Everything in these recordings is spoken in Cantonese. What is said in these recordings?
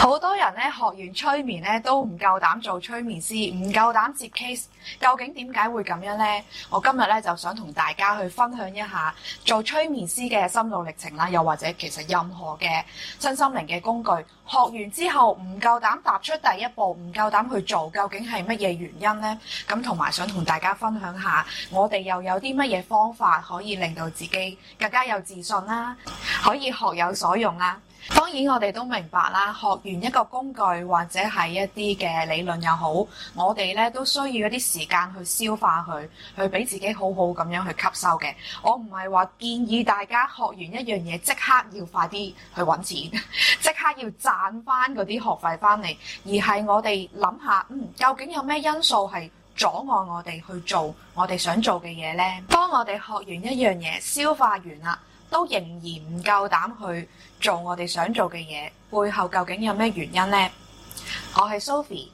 好多人咧學完催眠咧都唔夠膽做催眠師，唔夠膽接 case。究竟點解會咁樣呢？我今日咧就想同大家去分享一下做催眠師嘅心路歷程啦，又或者其實任何嘅身心靈嘅工具學完之後唔夠膽踏出第一步，唔夠膽去做，究竟係乜嘢原因呢？咁同埋想同大家分享下，我哋又有啲乜嘢方法可以令到自己更加有自信啦，可以學有所用啦。當然，我哋都明白啦。學完一個工具或者係一啲嘅理論又好，我哋咧都需要一啲時間去消化佢，去俾自己好好咁樣去吸收嘅。我唔係話建議大家學完一樣嘢即刻要快啲去揾錢，即刻要賺翻嗰啲學費翻嚟，而係我哋諗下，嗯，究竟有咩因素係阻礙我哋去做我哋想做嘅嘢呢？當我哋學完一樣嘢，消化完啦。都仍然唔夠膽去做我哋想做嘅嘢，背後究竟有咩原因呢？我係 Sophy，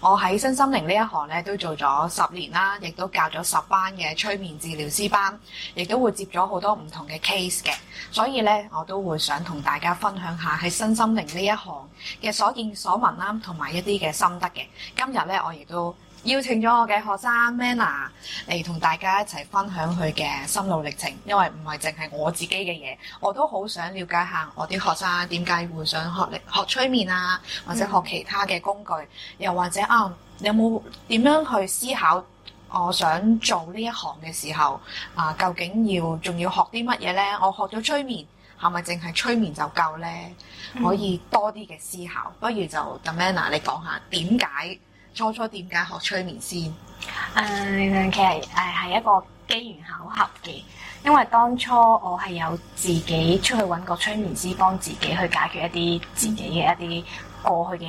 我喺身心靈呢一行咧都做咗十年啦，亦都教咗十班嘅催眠治療師班，亦都會接咗好多唔同嘅 case 嘅，所以咧我都會想同大家分享下喺身心靈呢一行嘅所見所聞啦，同埋一啲嘅心得嘅。今日咧我亦都。邀請咗我嘅學生 Manna 嚟同大家一齊分享佢嘅心路歷程，因為唔係淨係我自己嘅嘢，我都好想了解下我啲學生點解會想學、學催眠啊，或者學其他嘅工具，嗯、又或者啊，有冇點樣去思考我想做呢一行嘅時候啊，究竟要仲要學啲乜嘢呢？我學咗催眠，係咪淨係催眠就夠呢？嗯、可以多啲嘅思考，不如就 Manna 你講下點解？初初點解學催眠先？誒，uh, 其實誒係一個機緣巧合嘅，因為當初我係有自己出去揾個催眠師幫自己去解決一啲自己嘅一啲過去嘅誒、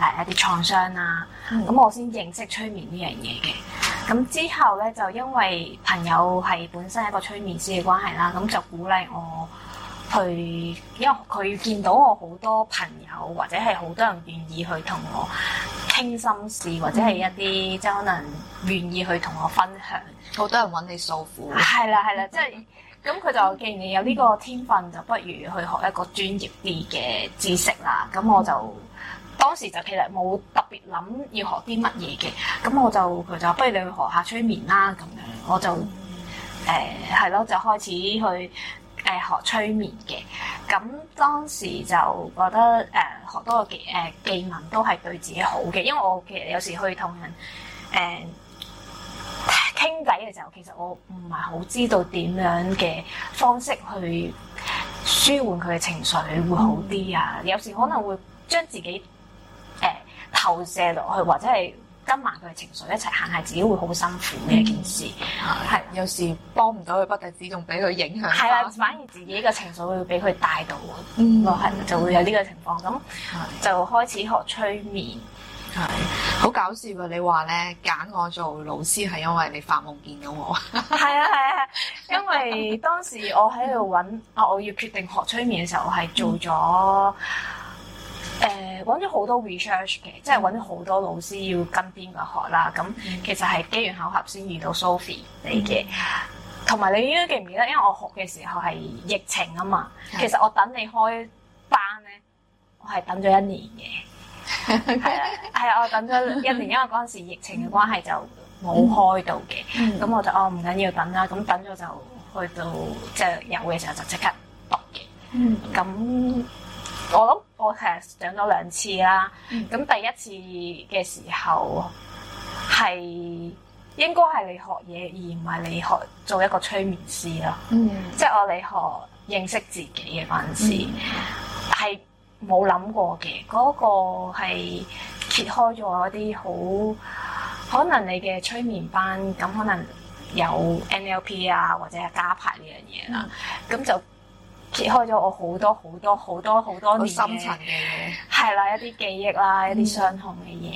嗯啊、一啲創傷啦、啊。咁、嗯、我先認識催眠呢樣嘢嘅。咁之後呢，就因為朋友係本身係一個催眠師嘅關係啦，咁就鼓勵我。去，因為佢見到我好多朋友或者係好多人願意去同我傾心事，或者係一啲、嗯、即係可能願意去同我分享。好多人揾你訴苦。係啦係啦，即係咁佢就既然你有呢個天分，嗯、就不如去學一個專業啲嘅知識啦。咁我就、嗯、當時就其實冇特別諗要學啲乜嘢嘅。咁我就佢就話，不如你去學下催眠啦。咁樣我就誒係咯，就開始去。誒學催眠嘅，咁當時就覺得誒學、呃、多個技誒技能都係對自己好嘅，因為我其實有時去同人誒傾偈嘅時候，其實我唔係好知道點樣嘅方式去舒緩佢嘅情緒會好啲啊，嗯、有時可能會將自己誒、呃、投射落去或者係，跟埋佢嘅情緒一齊行，下，自己會好辛苦嘅一件事，係有時幫唔到佢，不但止仲俾佢影響。係啦，反而自己嘅情緒會俾佢帶到，嗯，咯係，就會有呢個情況。咁就開始學催眠，係好搞笑噶。你話咧揀我做老師係因為你發夢見到我，係啊，係啊，因為當時我喺度揾，我要決定學催眠嘅時候，我係做咗。誒，揾咗好多 research 嘅，即係揾咗好多老師，要跟邊個學啦。咁其實係機緣巧合先遇到 Sophy 嚟嘅、嗯，同埋你應該記唔記得？因為我學嘅時候係疫情啊嘛，其實我等你開班咧，我係等咗一年嘅。係啊，係啊，我等咗一年，因為嗰陣時疫情嘅關係就冇開到嘅。咁、嗯、我就哦唔緊要等啦，咁等咗就去到即係、就是、有嘅時候就即刻讀嘅。嗯，咁。我諗我其實上咗兩次啦，咁第一次嘅時候係應該係你學嘢而唔係你學做一個催眠師咯，嗯、即係我你學認識自己嘅嗰陣時係冇諗過嘅，嗰、嗰個係揭開咗一啲好可能你嘅催眠班咁可能有 NLP 啊，或者係家排呢樣嘢啦，咁、嗯、就。揭開咗我好多好多好多好多深層嘅，嘢，係啦，一啲記憶啦，一啲傷痛嘅嘢。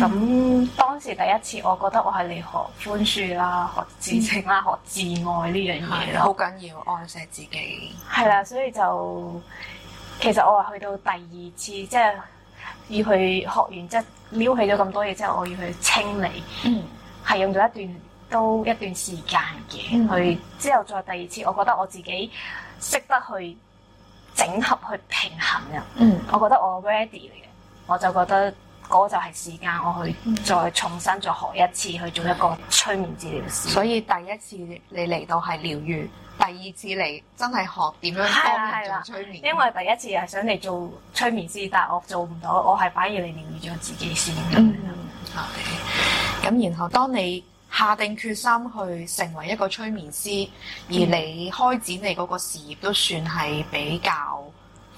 咁、嗯、當時第一次，我覺得我係嚟學寬恕啦，學自清啦，嗯、學自愛呢樣嘢咯。好緊要，愛錫自己。係啦，所以就其實我話去到第二次，即、就、係、是、要去學完即係、就是、撩起咗咁多嘢之後，我要去清理，係、嗯、用咗一段都一段時間嘅去。嗯嗯、之後再第二次，我覺得我自己。識得去整合、去平衡嘅，嗯、我覺得我 ready 嚟嘅，我就覺得嗰就係時間，我去再重新再學一次去做一個催眠治療師。所以第一次你嚟到係療愈，第二次嚟真係學點樣當面做催眠、係啦係啦。因為第一次係想嚟做催眠師，但係我做唔到，我係反而嚟療愈咗自己先咁咁、嗯、然後當你。下定決心去成為一個催眠師，而你開展你嗰個事業都算係比較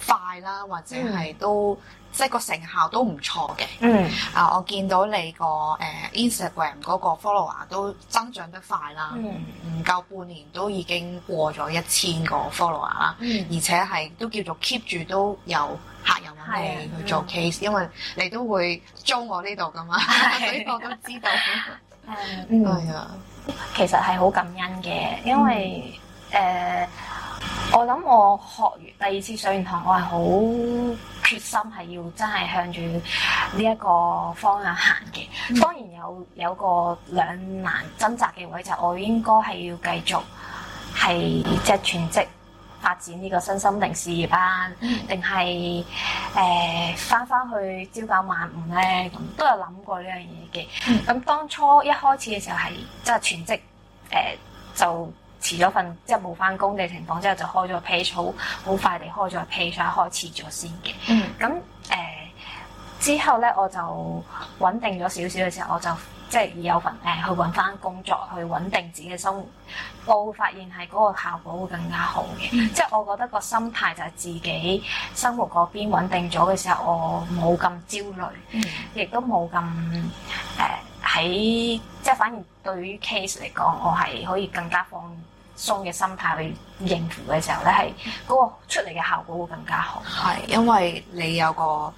快啦，或者係都、嗯、即係個成效都唔錯嘅。嗯，啊，我見到你個誒、呃、Instagram 嗰個 follower 都增長得快啦，唔夠、嗯、半年都已經過咗一千個 follower 啦，嗯、而且係都叫做 keep 住都有客人揾你去做 case，啊嗯、因為你都會租我呢度噶嘛，的 所以我都知道。 係，啊、嗯，嗯、其實係好感恩嘅，因為誒、嗯呃，我諗我學完第二次上完堂，我係好決心係要真係向住呢一個方向行嘅。當然有有個兩難掙扎嘅位置就係，我應該係要繼續係即係全職。發展呢個身心靈事業啊，定係誒翻翻去朝九晚五咧，咁都有諗過呢樣嘢嘅。咁、嗯、當初一開始嘅時候係即係全職，誒、呃、就辭咗份即係冇翻工嘅情況，之後就開咗個 page，好快地開咗個 page 開始咗先嘅。咁誒、嗯。之後咧，我就穩定咗少少嘅時候，我就即係有份誒、呃、去揾翻工作，去穩定自己嘅生活，我會發現係嗰個效果會更加好嘅。嗯、即係我覺得個心態就係自己生活嗰邊穩定咗嘅時候，我冇咁焦慮，亦、嗯、都冇咁誒喺即係反而對於 case 嚟講，我係可以更加放鬆嘅心態去應付嘅時候咧，係嗰個出嚟嘅效果會更加好。係因為你有個。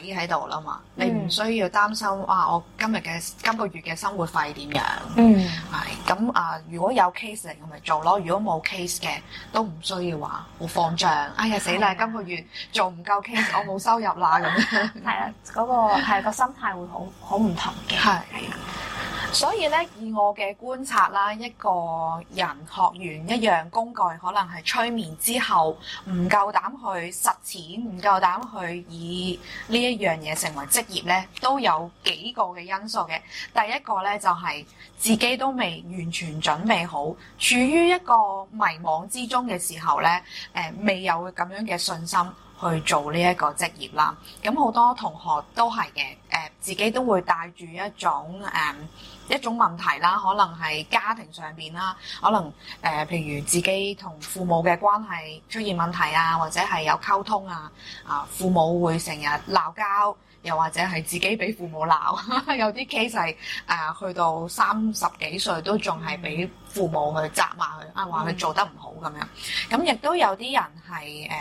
喺度啦嘛，嗯、你唔需要擔心哇！我今日嘅今個月嘅生活費點樣？嗯，係咁啊！如果有 case 嚟，我咪做咯；如果冇 case 嘅，都唔需要話好放仗。哎呀死啦！嗯、今個月做唔夠 case， 我冇收入啦咁樣。係 啊，嗰、嗰個係、啊嗰個心態會好好唔同嘅。係、啊。所以咧，以我嘅觀察啦，一個人學完一樣工具，可能係催眠之後，唔夠膽去實踐，唔夠膽去以呢一樣嘢成為職業咧，都有幾個嘅因素嘅。第一個咧就係自己都未完全準備好，處於一個迷茫之中嘅時候咧，誒未有咁樣嘅信心去做呢一個職業啦。咁好多同學都係嘅，誒自己都會帶住一種誒。嗯一種問題啦，可能係家庭上邊啦，可能誒、呃，譬如自己同父母嘅關係出現問題啊，或者係有溝通啊，啊、呃，父母會成日鬧交，又或者係自己俾父母鬧， 有啲 case 係去到三十幾歲都仲係俾父母去責罵佢啊，話佢、嗯、做得唔好咁樣，咁亦都有啲人係誒，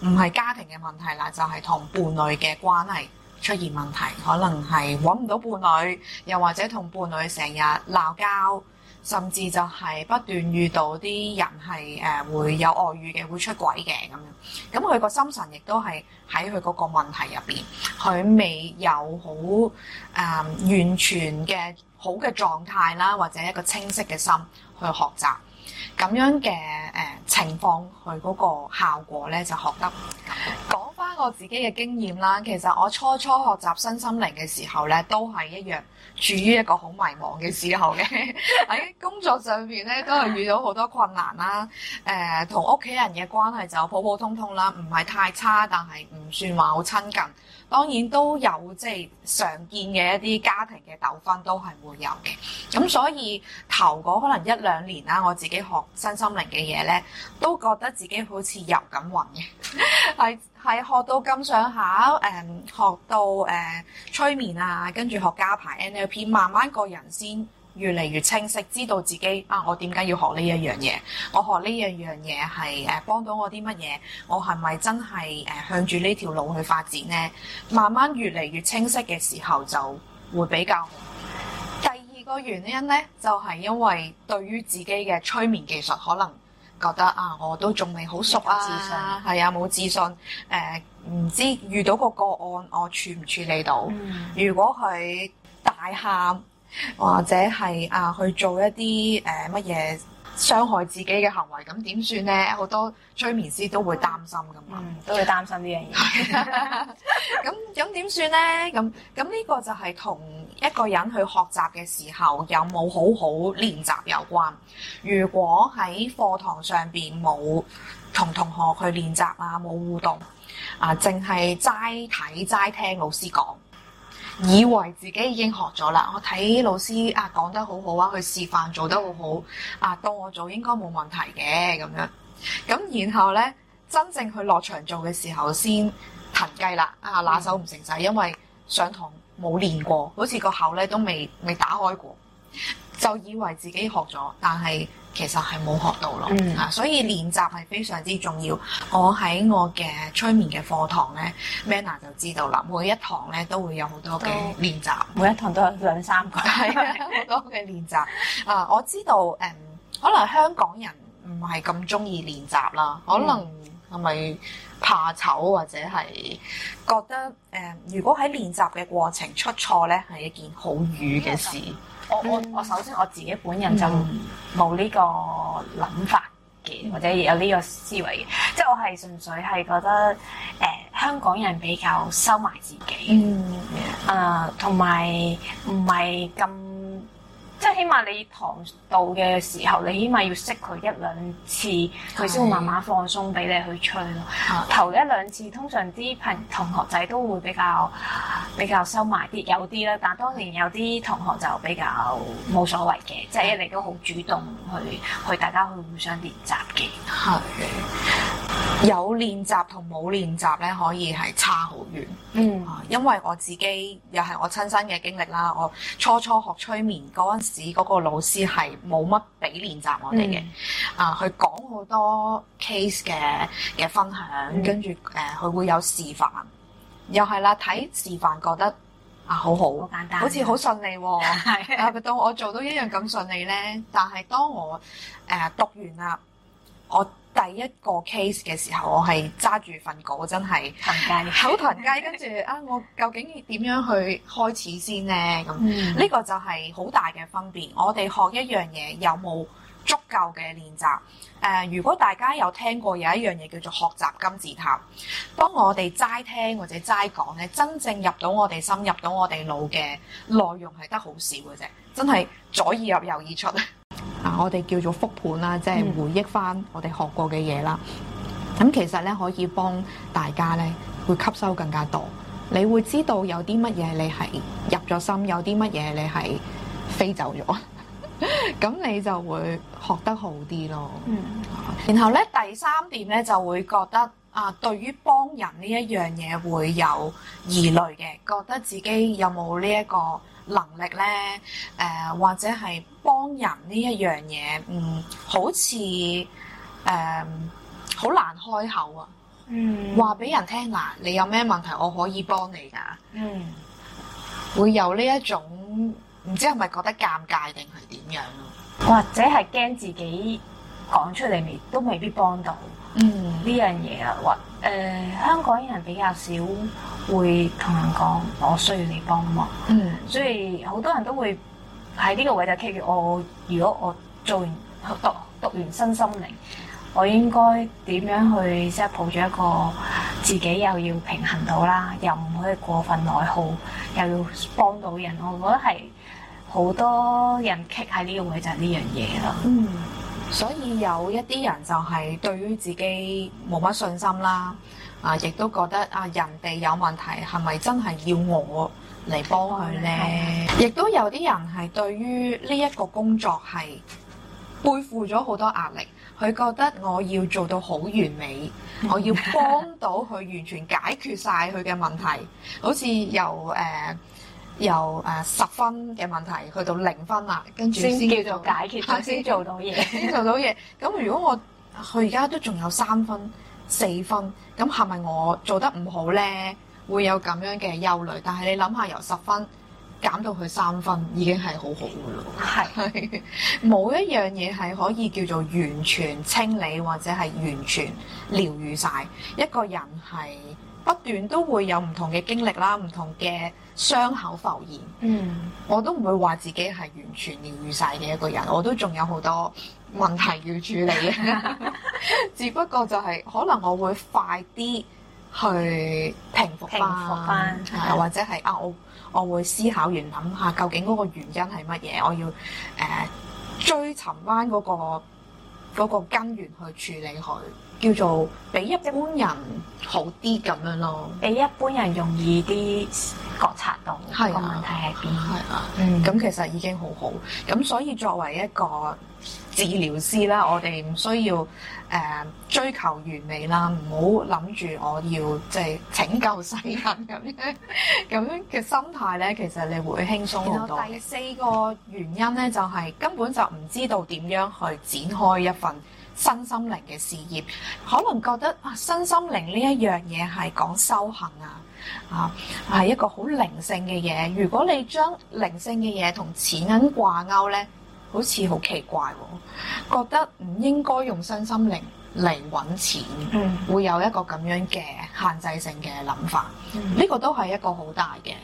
唔、呃、係家庭嘅問題啦，就係、是、同伴侶嘅關係。出現問題，可能係揾唔到伴侶，又或者同伴侶成日鬧交，甚至就係不斷遇到啲人係誒會有外遇嘅、會出軌嘅咁樣，咁佢個心神亦都係喺佢嗰個問題入邊，佢未有好誒、呃、完全嘅好嘅狀態啦，或者一個清晰嘅心去學習，咁樣嘅誒、呃、情況，佢嗰個效果咧就學得講。我自己嘅經驗啦，其實我初初學習身心，心靈嘅時候咧，都係一樣處於一個好迷茫嘅時候嘅。喺 工作上面咧，都係遇到好多困難啦。誒、呃，同屋企人嘅關係就普普通通啦，唔係太差，但係唔算話好親近。當然都有即係常見嘅一啲家庭嘅糾紛都係會有嘅。咁所以頭嗰可能一兩年啦，我自己學身心，心靈嘅嘢咧，都覺得自己好似游緊雲嘅係。 係學到咁上下，誒學到誒、呃、催眠啊，跟住學家排 NLP，慢慢個人先越嚟越清晰，知道自己啊，我點解要學呢一樣嘢？我學呢樣樣嘢係誒幫到我啲乜嘢？我係咪真係誒向住呢條路去發展呢？慢慢越嚟越清晰嘅時候，就會比較好。第二個原因咧，就係、是、因為對於自己嘅催眠技術可能。覺得啊，我都仲未好熟啊，係啊，冇自信，誒、啊，唔、呃、知遇到個個案我處唔處理到。嗯、如果佢大喊或者係啊去做一啲誒乜嘢傷害自己嘅行為，咁點算呢？好多催眠師都會擔心㗎嘛、嗯，都會擔心呢樣嘢。咁咁點算呢？咁咁呢個就係同。一個人去學習嘅時候，有冇好好練習有關？如果喺課堂上邊冇同同學去練習啊，冇互動啊，淨係齋睇齋聽老師講，以為自己已經學咗啦。我睇老師啊講得好好啊，佢示範做得好好啊，到我做應該冇問題嘅咁樣。咁、啊、然後呢，真正去落場做嘅時候先騰雞啦啊，拿手唔成勢，因為想同。冇練過，好似個口咧都未未打開過，就以為自己學咗，但係其實係冇學到咯。嗯、啊，所以練習係非常之重要。我喺我嘅催眠嘅課堂咧，Mena 就知道啦。每一堂咧都會有好多嘅練習，每一堂都有兩三個，係 啊，好多嘅練習啊。我知道誒、嗯，可能香港人唔係咁鍾意練習啦，可能、嗯。係咪怕醜，或者係覺得誒、呃？如果喺練習嘅過程出錯咧，係一件好瘀嘅事。我我我首先我自己本人就冇呢個諗法嘅，嗯、或者有呢個思維嘅。即係我係純粹係覺得誒、呃，香港人比較收埋自己，誒同埋唔係咁。呃即係起碼你堂到嘅時候，你起碼要識佢一兩次，佢先會慢慢放鬆俾你去吹咯。嗯、頭一兩次通常啲朋同學仔都會比較比較收埋啲，有啲啦。但當然有啲同學就比較冇所謂嘅，即係一嚟都好主動去去大家去互相練習嘅。係、嗯。有練習同冇練習咧，可以係差好遠。嗯，因為我自己又係我親身嘅經歷啦。我初初學催眠嗰陣時，嗰個老師係冇乜俾練習我哋嘅。啊，佢講好多 case 嘅嘅分享，跟住誒佢會有示範。又係啦，睇示範覺得啊好好，單單好簡單，哦，好似好順利。係啊，到我做到一樣咁順利咧，但係當我誒、呃呃、讀完啦。我第一個 case 嘅時候，我係揸住份稿，真係好騰雞，跟住啊，我究竟點樣去開始先呢？咁呢、嗯、個就係好大嘅分別。我哋學一樣嘢有冇足夠嘅練習？誒、呃，如果大家有聽過有一樣嘢叫做學習金字塔，當我哋齋聽或者齋講咧，真正入到我哋心、入到我哋腦嘅內容係得好少嘅啫，真係左耳入右耳出。啊！我哋叫做復盤啦，即係回憶返我哋學過嘅嘢啦。咁、嗯、其實咧可以幫大家咧，會吸收更加多。你會知道有啲乜嘢你係入咗心，有啲乜嘢你係飛走咗。咁 你就會學得好啲咯。嗯。然後咧第三點咧就會覺得啊，對於幫人呢一樣嘢會有疑慮嘅，覺得自己有冇呢一個能力咧，誒、呃、或者係幫人呢一樣嘢，嗯，好似誒好難開口啊，嗯，話俾人聽嗱、呃，你有咩問題，我可以幫你噶，嗯，會有呢一種唔知係咪覺得尷尬定係點樣，或者係驚自己講出嚟未都未必幫到。嗯，呢樣嘢啊，或、呃、誒，香港人比較少會同人講我需要你幫忙，嗯，所以好多人都會喺呢個位就棘住我。如果我做完讀讀完身心靈，我應該點樣去即係抱住一個自己又要平衡到啦，又唔可以過分內耗，又要幫到人，我覺得係好多人棘喺呢個位就係呢樣嘢咯。嗯。所以有一啲人就係對於自己冇乜信心啦，啊，亦都覺得啊人哋有問題係咪真係要我嚟幫佢呢？亦都有啲人係對於呢一個工作係背負咗好多壓力，佢覺得我要做到好完美， 我要幫到佢完全解決晒佢嘅問題，好似由誒。呃由誒十分嘅問題去到零分啦，跟住先叫做解決，先做到嘢，先做到嘢。咁如果我佢而家都仲有三分、四分，咁係咪我做得唔好咧？會有咁樣嘅憂慮。但係你諗下，由十分減到去三分，已經係好好嘅咯。係冇一樣嘢係可以叫做完全清理或者係完全療愈曬。一個人係不斷都會有唔同嘅經歷啦，唔同嘅。傷口浮現，嗯、我都唔會話自己係完全療愈晒嘅一個人，我都仲有好多問題要處理嘅。 只不過就係可能我會快啲去平復翻，又的或者係啊，我我會思考完，諗下究竟嗰個原因係乜嘢，我要誒、呃、追尋翻、嗰、嗰個嗰、嗰個根源去處理佢。叫做比一般人好啲咁樣咯，比一般人容易啲覺察到個問題係邊，咁、嗯嗯、其實已經好好。咁所以作為一個治療師啦，我哋唔需要誒、呃、追求完美啦，唔好諗住我要即係、就是、拯救世人咁樣咁 樣嘅心態咧，其實你會輕鬆好多。第四個原因咧，就係、是、根本就唔知道點樣去展開一份身心靈嘅事業，可能覺得啊，身心靈呢一樣嘢係講修行啊，啊係一個好靈性嘅嘢。如果你將靈性嘅嘢同錢銀掛鈎呢，好似好奇怪喎、哦，覺得唔應該用身心靈嚟揾錢，嗯、會有一個咁樣嘅限制性嘅諗法。呢、嗯、個都係一個好大嘅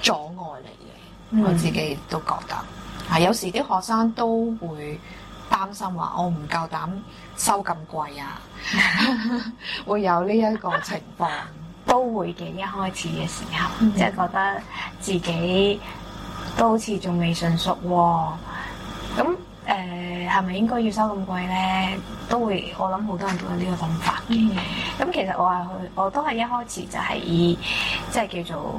阻礙嚟嘅，我自己都覺得。啊、嗯，有時啲學生都會。擔心話我唔夠膽收咁貴啊， 會有呢一個情況都會嘅。一開始嘅時候，即係、mm hmm. 覺得自己都好似仲未成熟、啊，咁誒，係、呃、咪應該要收咁貴咧？都會，我諗好多人都有呢個諗法嘅。咁、mm hmm. 其實我係去，我都係一開始就係以即係、即係、叫做。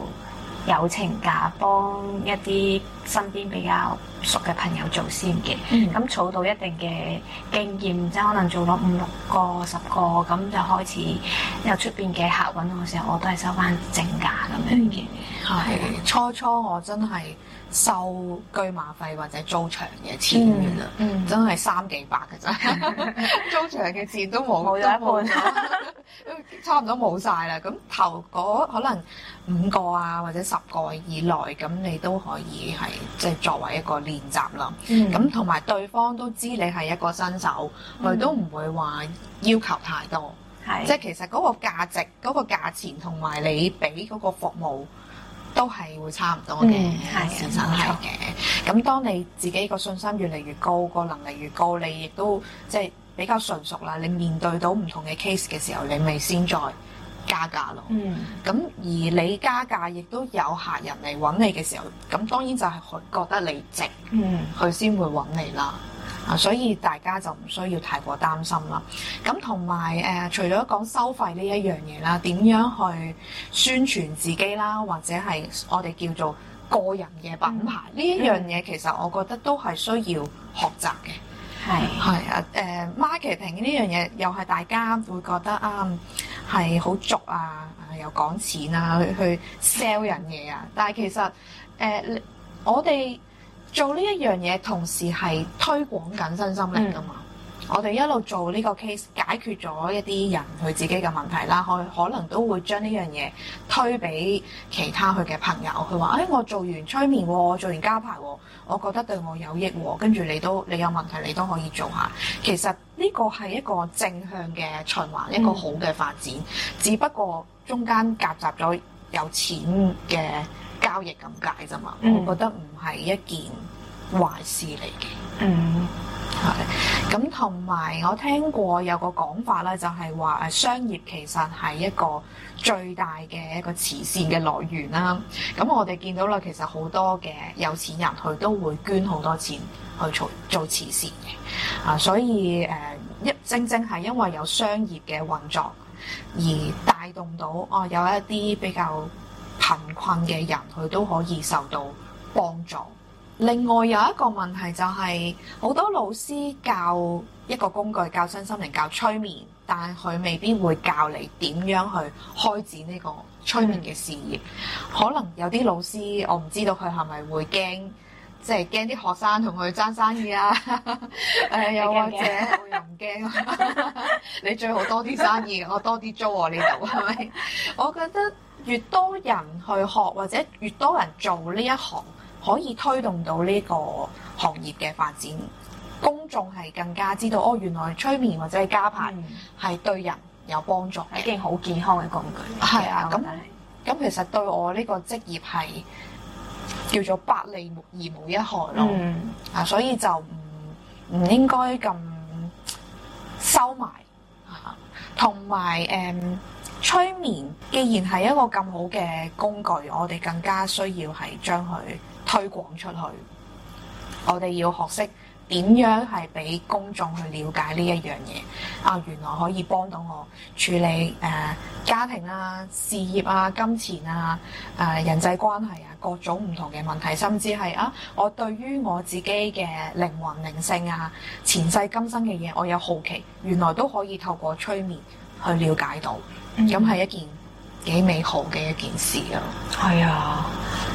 友情價幫一啲身邊比較熟嘅朋友做先嘅，咁儲、嗯、到一定嘅經驗，即係可能做咗五、六個、十個咁就開始有出面嘅客揾我嘅時候，我都係收翻正價咁樣嘅。嗯係，初初我真係收車馬費或者租場嘅錢噶啦，嗯、真係三幾百嘅啫，租場嘅錢都冇，一半都冇， 差唔多冇晒啦。咁頭嗰可能五個啊或者十個以內，咁你都可以係即係作為一個練習啦。咁同埋對方都知你係一個新手，佢、嗯、都唔會話要求太多。係的，即係其實嗰個價值、嗰、嗰個價錢同埋你俾嗰個服務。都係會差唔多嘅，其實係嘅。咁當你自己個信心越嚟越高，個能力越高，你亦都即係比較純熟啦。你面對到唔同嘅 case 嘅時候，你咪先再加價咯。咁、嗯、而你加價，亦都有客人嚟揾你嘅時候，咁當然就係佢覺得你值，佢先、嗯、會揾你啦。啊，所以大家就唔需要太過擔心啦。咁同埋誒，除咗講收費呢一樣嘢啦，點樣去宣傳自己啦，或者係我哋叫做個人嘅品牌呢、嗯、一樣嘢，其實我覺得都係需要學習嘅。係係啊，誒係、係、呃、marketing 呢樣嘢又係大家會覺得啊係好俗啊，又講錢啊，去去 sell 人嘢啊。但係其實，誒、呃，我哋做呢一樣嘢同時係推廣緊身心靈㗎嘛，嗯、我哋一路做呢個 case 解決咗一啲人佢自己嘅問題啦，可可能都會將呢樣嘢推俾其他佢嘅朋友，佢話，哎，我做完催眠，我做完家排，我覺得對我有益喎，跟住你都你有問題你都可以做下。其實呢個係一個正向嘅循環，一個好嘅發展，嗯、只不過中間夾雜咗有錢嘅。交易咁解咋嘛？我覺得唔係一件壞事嚟嘅。嗯，係。咁同埋我聽過有個講法咧，就係話誒商業其實係一個最大嘅一個慈善嘅來源啦。咁我哋見到啦，其實好多嘅有錢人佢都會捐好多錢去做做慈善嘅。啊，所以誒一、呃、正正係因為有商業嘅運作而帶動到哦有一啲比較。貧困嘅人佢都可以受到幫助。另外有一個問題就係、是、好多老師教一個工具，教身心靈，教催眠，但係佢未必會教你點樣去開展呢個催眠嘅事業。嗯、可能有啲老師我唔知道佢係咪會驚，即係驚啲學生同佢爭生意啦、啊。誒又或者我又唔驚，你最好多啲生意，我多啲租我呢度，係咪？ 我覺得。越多人去學或者越多人做呢一行，可以推動到呢個行業嘅發展。公眾係更加知道哦，原來催眠或者係家排係對人有幫助，一件好健康嘅工具。係啊、嗯，咁咁其實對我呢個職業係叫做百利而無,無一害咯。啊、嗯，所以就唔唔應該咁收埋，同埋誒。催眠既然係一個咁好嘅工具，我哋更加需要係將佢推廣出去。我哋要學識點樣係俾公眾去了解呢一樣嘢啊，原來可以幫到我處理誒、呃、家庭啊、事業啊、金錢啊、誒、呃、人際關係啊，各種唔同嘅問題，甚至係啊，我對於我自己嘅靈魂、靈性啊、前世今生嘅嘢，我有好奇，原來都可以透過催眠去了解到。咁係、嗯、一件幾美好嘅一件事啊。係啊、嗯，哎、呀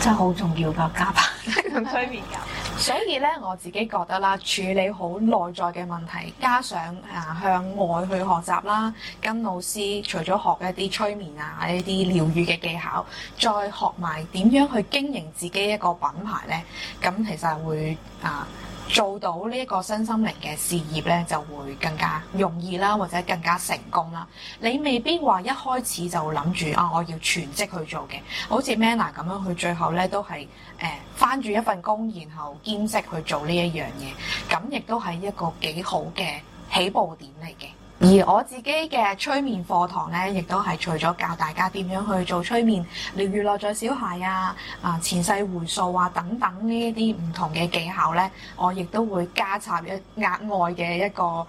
真係好重要噶，家排，咁催眠噶。 所以咧，我自己覺得啦，處理好內在嘅問題，加上啊向外去學習啦，跟老師除咗學一啲催眠啊，一啲療愈嘅技巧，再學埋點樣去經營自己一個品牌咧，咁其實係會啊。呃做到呢一個身心靈嘅事業呢，就會更加容易啦，或者更加成功啦。你未必話一開始就諗住啊，我要全職去做嘅，好似 Menna 咁樣，佢最後呢都係誒、呃、返住一份工，然後兼職去做呢一樣嘢，咁亦都係一個幾好嘅起步點嚟嘅。而我自己嘅催眠課堂咧，亦都係除咗教大家點樣去做催眠，嚟娛樂咗小孩啊、啊、呃、前世回溯啊等等呢啲唔同嘅技巧咧，我亦都會加插一額外嘅一個誒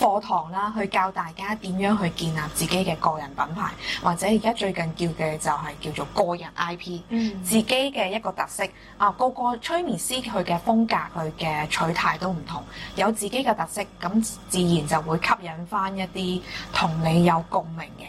課、呃、堂啦，去教大家點樣去建立自己嘅個人品牌，或者而家最近叫嘅就係叫做個人 IP，嗯，自己嘅一個特色啊，個個催眠師佢嘅風格佢嘅取態都唔同，有自己嘅特色，咁自然就會吸引。搵翻一啲同你有共鳴嘅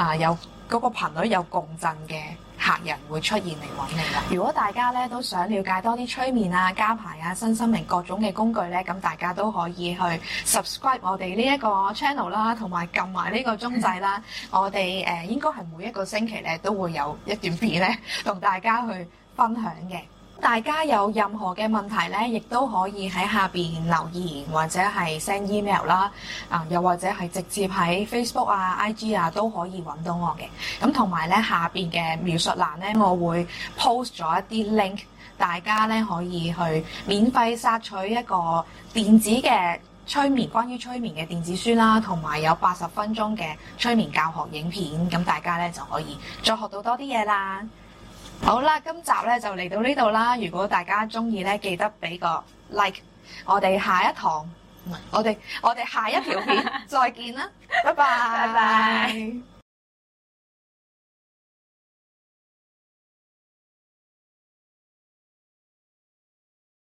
啊，有嗰、那個頻率有共振嘅客人會出現嚟揾你啦。 如果大家咧都想了解多啲催眠啊、家排啊、身心靈各種嘅工具咧，咁大家都可以去 subscribe 我哋呢一個 channel 啦，同埋撳埋呢個鐘仔啦。 我哋誒應該係每一個星期咧都會有一段片咧同大家去分享嘅。大家有任何嘅問題咧，亦都可以喺下邊留言，或者係 send email 啦，啊，又或者係直接喺 Facebook 啊、IG 啊都可以揾到我嘅。咁同埋咧下邊嘅描述欄咧，我會 post 咗一啲 link，大家咧可以去免費索取一個電子嘅催眠，關於催眠嘅電子書啦，同埋有八十分鐘嘅催眠教學影片，咁大家咧就可以再學到多啲嘢啦。好啦，今集咧就嚟到呢度啦。如果大家中意咧，記得俾個 like。我哋下一堂，唔係我哋我哋下一條片再見啦，拜拜。